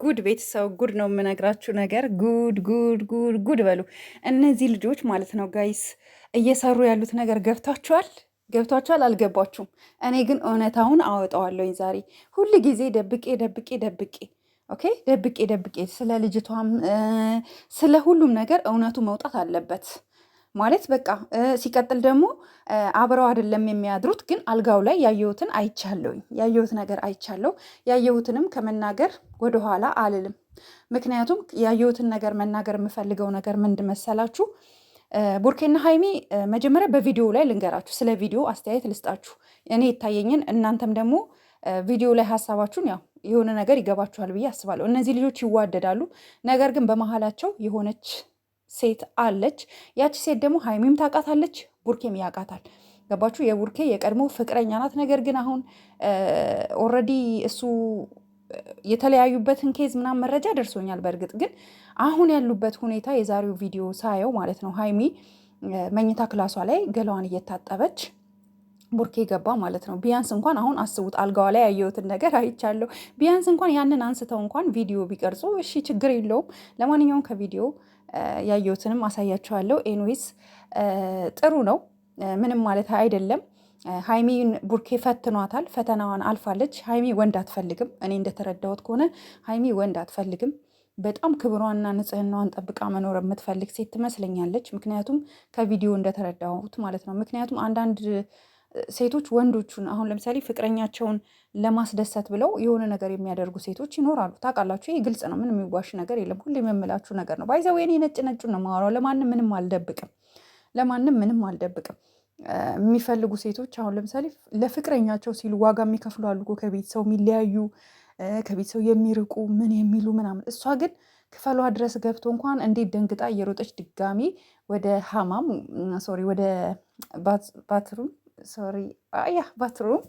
ጉድ ቤተሰብ ጉድ ነው የምነግራችሁ ነገር። ጉድ ጉድ ጉድ ጉድ በሉ እነዚህ ልጆች ማለት ነው። ጋይስ እየሰሩ ያሉት ነገር ገብታችኋል? ገብቷችኋል? አልገባችሁም? እኔ ግን እውነታውን አወጣዋለሁኝ ዛሬ። ሁል ጊዜ ደብቄ ደብቄ ደብቄ ኦኬ ደብቄ ደብቄ ስለ ልጅቷም ስለ ሁሉም ነገር እውነቱ መውጣት አለበት። ማለት በቃ ሲቀጥል ደግሞ አብረው አይደለም የሚያድሩት፣ ግን አልጋው ላይ ያየሁትን አይቻለሁኝ። ያየሁት ነገር አይቻለሁ። ያየሁትንም ከመናገር ወደኋላ አልልም። ምክንያቱም ያየሁትን ነገር መናገር የምፈልገው ነገር ምንድን መሰላችሁ? ቡርኬና ሀይሚ መጀመሪያ በቪዲዮ ላይ ልንገራችሁ፣ ስለ ቪዲዮ አስተያየት ልስጣችሁ፣ እኔ የታየኝን። እናንተም ደግሞ ቪዲዮ ላይ ሀሳባችሁን ያው የሆነ ነገር ይገባችኋል ብዬ አስባለሁ። እነዚህ ልጆች ይዋደዳሉ፣ ነገር ግን በመሀላቸው የሆነች ሴት አለች። ያቺ ሴት ደግሞ ሀይሚም ታውቃታለች፣ ቡርኬም ያውቃታል። ገባችሁ? የቡርኬ የቀድሞ ፍቅረኛ ናት። ነገር ግን አሁን ኦልሬዲ እሱ የተለያዩበትን ኬዝ ምናምን መረጃ ደርሶኛል። በእርግጥ ግን አሁን ያሉበት ሁኔታ የዛሬው ቪዲዮ ሳየው ማለት ነው ሀይሚ መኝታ ክላሷ ላይ ገላዋን እየታጠበች ቡርኬ ገባ ማለት ነው። ቢያንስ እንኳን አሁን አስቡት አልጋዋ ላይ ያየሁትን ነገር አይቻለሁ። ቢያንስ እንኳን ያንን አንስተው እንኳን ቪዲዮ ቢቀርጹ እሺ፣ ችግር የለውም። ለማንኛውም ከቪዲዮ ያየሁትንም አሳያችኋለሁ። ኤንዌስ ጥሩ ነው፣ ምንም ማለት አይደለም። ሀይሚን ቡርኬ ፈትኗታል፣ ፈተናዋን አልፋለች። ሀይሚ ወንድ አትፈልግም። እኔ እንደተረዳሁት ከሆነ ሀይሚ ወንድ አትፈልግም። በጣም ክብሯንና ንጽህናዋን ጠብቃ መኖር የምትፈልግ ሴት ትመስለኛለች። ምክንያቱም ከቪዲዮ እንደተረዳሁት ማለት ነው። ምክንያቱም አንዳንድ ሴቶች ወንዶቹን አሁን ለምሳሌ ፍቅረኛቸውን ለማስደሰት ብለው የሆነ ነገር የሚያደርጉ ሴቶች ይኖራሉ። ታውቃላችሁ፣ ይህ ግልጽ ነው። ምንም የሚዋሽ ነገር የለም። ሁሉ የመምላችሁ ነገር ነው። ባይዘው የኔ ነጭ ነጩ ነው የማወራው። ለማንም ምንም አልደብቅም። ለማንም ምንም አልደብቅም። የሚፈልጉ ሴቶች አሁን ለምሳሌ ለፍቅረኛቸው ሲሉ ዋጋ የሚከፍሉ አሉ ከቤተሰው የሚለያዩ ከቤተሰው የሚርቁ ምን የሚሉ ምናምን። እሷ ግን ክፈሏ ድረስ ገብቶ እንኳን እንዴት ደንግጣ እየሮጠች ድጋሚ ወደ ሀማም ሶሪ ወደ ባትሩም ሶሪ ያ ባትሩም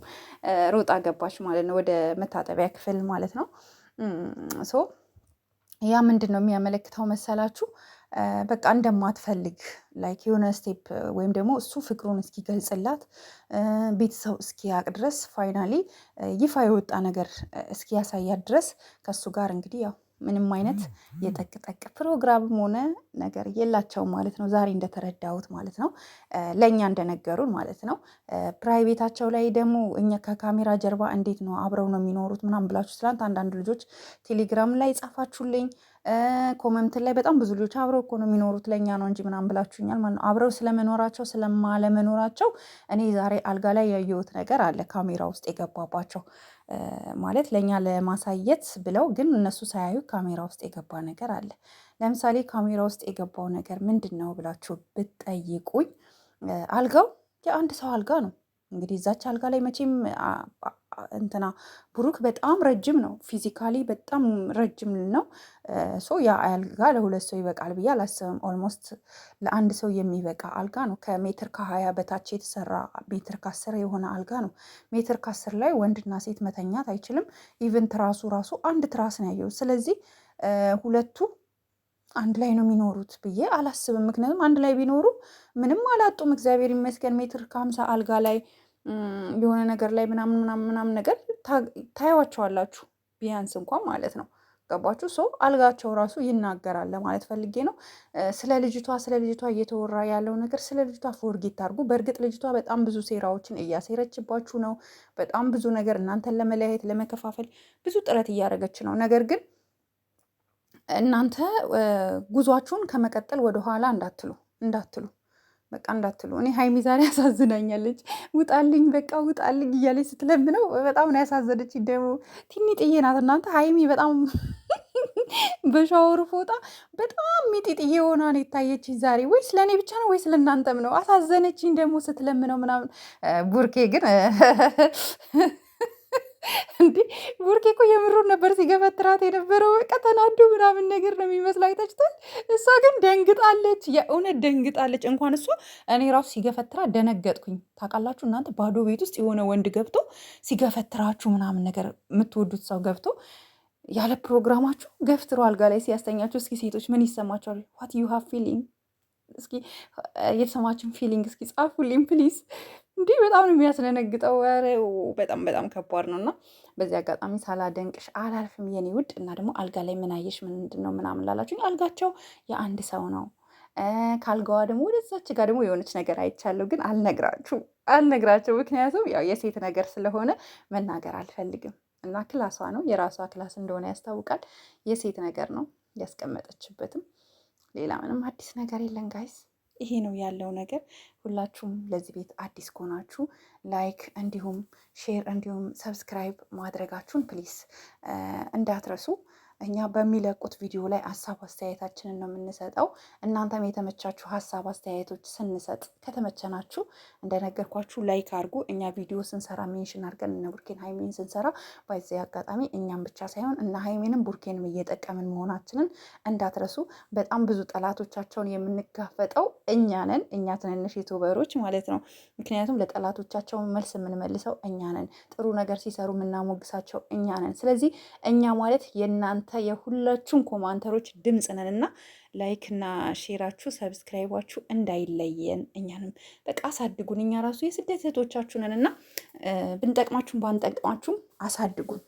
ሮጣ ገባች ማለት ነው፣ ወደ መታጠቢያ ክፍል ማለት ነው። ሶ ያ ምንድን ነው የሚያመለክተው መሰላችሁ? በቃ እንደማትፈልግ ላይክ የሆነ ስቴፕ ወይም ደግሞ እሱ ፍቅሩን እስኪገልጽላት ቤተሰብ እስኪያቅ ድረስ ፋይናሊ ይፋ የወጣ ነገር እስኪያሳያት ድረስ ከእሱ ጋር እንግዲህ ያው ምንም አይነት የጠቅጠቅ ፕሮግራምም ሆነ ነገር የላቸውም ማለት ነው። ዛሬ እንደተረዳሁት ማለት ነው፣ ለእኛ እንደነገሩን ማለት ነው። ፕራይቬታቸው ላይ ደግሞ እኛ ከካሜራ ጀርባ እንዴት ነው አብረው ነው የሚኖሩት ምናምን ብላችሁ ትላንት አንዳንድ ልጆች ቴሌግራም ላይ ጻፋችሁልኝ፣ ኮመንት ላይ በጣም ብዙ ልጆች አብረው እኮ ነው የሚኖሩት ለእኛ ነው እንጂ ምናምን ብላችሁኛል ማለት ነው። አብረው ስለመኖራቸው ስለማለመኖራቸው እኔ ዛሬ አልጋ ላይ ያየሁት ነገር አለ፣ ካሜራ ውስጥ የገባባቸው ማለት ለእኛ ለማሳየት ብለው ግን እነሱ ሳያዩ ካሜራ ውስጥ የገባ ነገር አለ። ለምሳሌ ካሜራ ውስጥ የገባው ነገር ምንድን ነው ብላችሁ ብትጠይቁኝ፣ አልጋው የአንድ ሰው አልጋ ነው። እንግዲህ እዛች አልጋ ላይ መቼም እንትና ብሩክ በጣም ረጅም ነው፣ ፊዚካሊ በጣም ረጅም ነው። ሶ ያ አልጋ ለሁለት ሰው ይበቃል ብዬ አላስብም። ኦልሞስት ለአንድ ሰው የሚበቃ አልጋ ነው። ከሜትር ከሀያ በታች የተሰራ ሜትር ከአስር የሆነ አልጋ ነው። ሜትር ከአስር ላይ ወንድና ሴት መተኛት አይችልም። ኢቨን ትራሱ ራሱ አንድ ትራስ ነው ያየው። ስለዚህ ሁለቱ አንድ ላይ ነው የሚኖሩት ብዬ አላስብም። ምክንያቱም አንድ ላይ ቢኖሩ ምንም አላጡም። እግዚአብሔር ይመስገን ሜትር ከሀምሳ አልጋ ላይ የሆነ ነገር ላይ ምናምን ምናምን ምናምን ነገር ታየዋቸዋላችሁ ቢያንስ እንኳን ማለት ነው። ገባችሁ? ሰው አልጋቸው ራሱ ይናገራል ለማለት ፈልጌ ነው። ስለ ልጅቷ ስለ ልጅቷ እየተወራ ያለው ነገር ስለ ልጅቷ ፎርጌት አድርጉ። በእርግጥ ልጅቷ በጣም ብዙ ሴራዎችን እያሴረችባችሁ ነው። በጣም ብዙ ነገር እናንተን ለመለያየት ለመከፋፈል ብዙ ጥረት እያደረገች ነው። ነገር ግን እናንተ ጉዟችሁን ከመቀጠል ወደኋላ እንዳትሉ እንዳትሉ በቃ እንዳትሉ። እኔ ሀይሚ ዛሬ ያሳዝናኛለች። ውጣልኝ፣ በቃ ውጣልኝ እያለች ስትለምነው በጣም ነው ያሳዘነች። ደግሞ ትንጥዬ ናት እናንተ። ሀይሚ በጣም በሻወር ፎጣ በጣም ሚጢጥዬ ሆና ነው የታየችኝ ዛሬ። ወይስ ለእኔ ብቻ ነው ወይስ ለእናንተም ነው? አሳዘነችኝ ደግሞ ስትለምነው ምናምን። ቡርኬ ግን ብሩን ነበር ሲገፈትራት የነበረው። በቃ ተናዶ ምናምን ነገር ነው የሚመስል አይታችታል። እሷ ግን ደንግጣለች፣ የእውነት ደንግጣለች። እንኳን እሱ እኔ ራሱ ሲገፈትራት ደነገጥኩኝ። ታውቃላችሁ እናንተ ባዶ ቤት ውስጥ የሆነ ወንድ ገብቶ ሲገፈትራችሁ ምናምን ነገር የምትወዱት ሰው ገብቶ ያለ ፕሮግራማችሁ ገፍትሮ አልጋ ላይ ሲያስተኛችሁ፣ እስኪ ሴቶች ምን ይሰማችኋል? ዋት ዩ ሃቭ ፊሊንግ እስኪ የተሰማችን ፊሊንግ እስኪ ጻፉልኝ ፕሊዝ። እንዲህ በጣም ነው የሚያስደነግጠው። በጣም በጣም ከባድ ነው እና በዚህ አጋጣሚ ሳላደንቅሽ አላልፍም የኔ ውድ። እና ደግሞ አልጋ ላይ ምናየሽ ምንድን ነው ምናምን ላላችሁኝ አልጋቸው የአንድ ሰው ነው። ካልጋዋ ደግሞ ወደዛች ጋር ደግሞ የሆነች ነገር አይቻለሁ፣ ግን አልነግራችሁ አልነግራቸው ምክንያቱም ያው የሴት ነገር ስለሆነ መናገር አልፈልግም። እና ክላሷ ነው የራሷ ክላስ እንደሆነ ያስታውቃል። የሴት ነገር ነው ያስቀመጠችበትም ሌላ ምንም አዲስ ነገር የለን ጋይስ። ይሄ ነው ያለው ነገር። ሁላችሁም ለዚህ ቤት አዲስ ከሆናችሁ ላይክ፣ እንዲሁም ሼር፣ እንዲሁም ሰብስክራይብ ማድረጋችሁን ፕሊስ እንዳትረሱ። እኛ በሚለቁት ቪዲዮ ላይ ሀሳብ አስተያየታችንን ነው የምንሰጠው። እናንተም የተመቻችሁ ሀሳብ አስተያየቶች ስንሰጥ ከተመቸናችሁ እንደነገርኳችሁ ላይክ አድርጉ። እኛ ቪዲዮ ስንሰራ ሜንሽን አድርገን እነ ቡርኬን ሀይሜን ስንሰራ ባይዘ አጋጣሚ እኛም ብቻ ሳይሆን እነ ሀይሜንም ቡርኬንም እየጠቀምን መሆናችንን እንዳትረሱ። በጣም ብዙ ጠላቶቻቸውን የምንጋፈጠው እኛ ነን፣ እኛ ትንንሽ ዩቱበሮች ማለት ነው። ምክንያቱም ለጠላቶቻቸው መልስ የምንመልሰው እኛ ነን። ጥሩ ነገር ሲሰሩ የምናሞግሳቸው እኛ ነን። ስለዚህ እኛ ማለት የእናንተ የሁላችሁም ኮማንተሮች ድምፅ ነን እና ላይክና ሼራችሁ ሰብስክራይባችሁ እንዳይለየን፣ እኛንም በቃ አሳድጉን። እኛ ራሱ የስደት እህቶቻችሁ ነን እና ብንጠቅማችሁም ባንጠቅማችሁም አሳድጉን።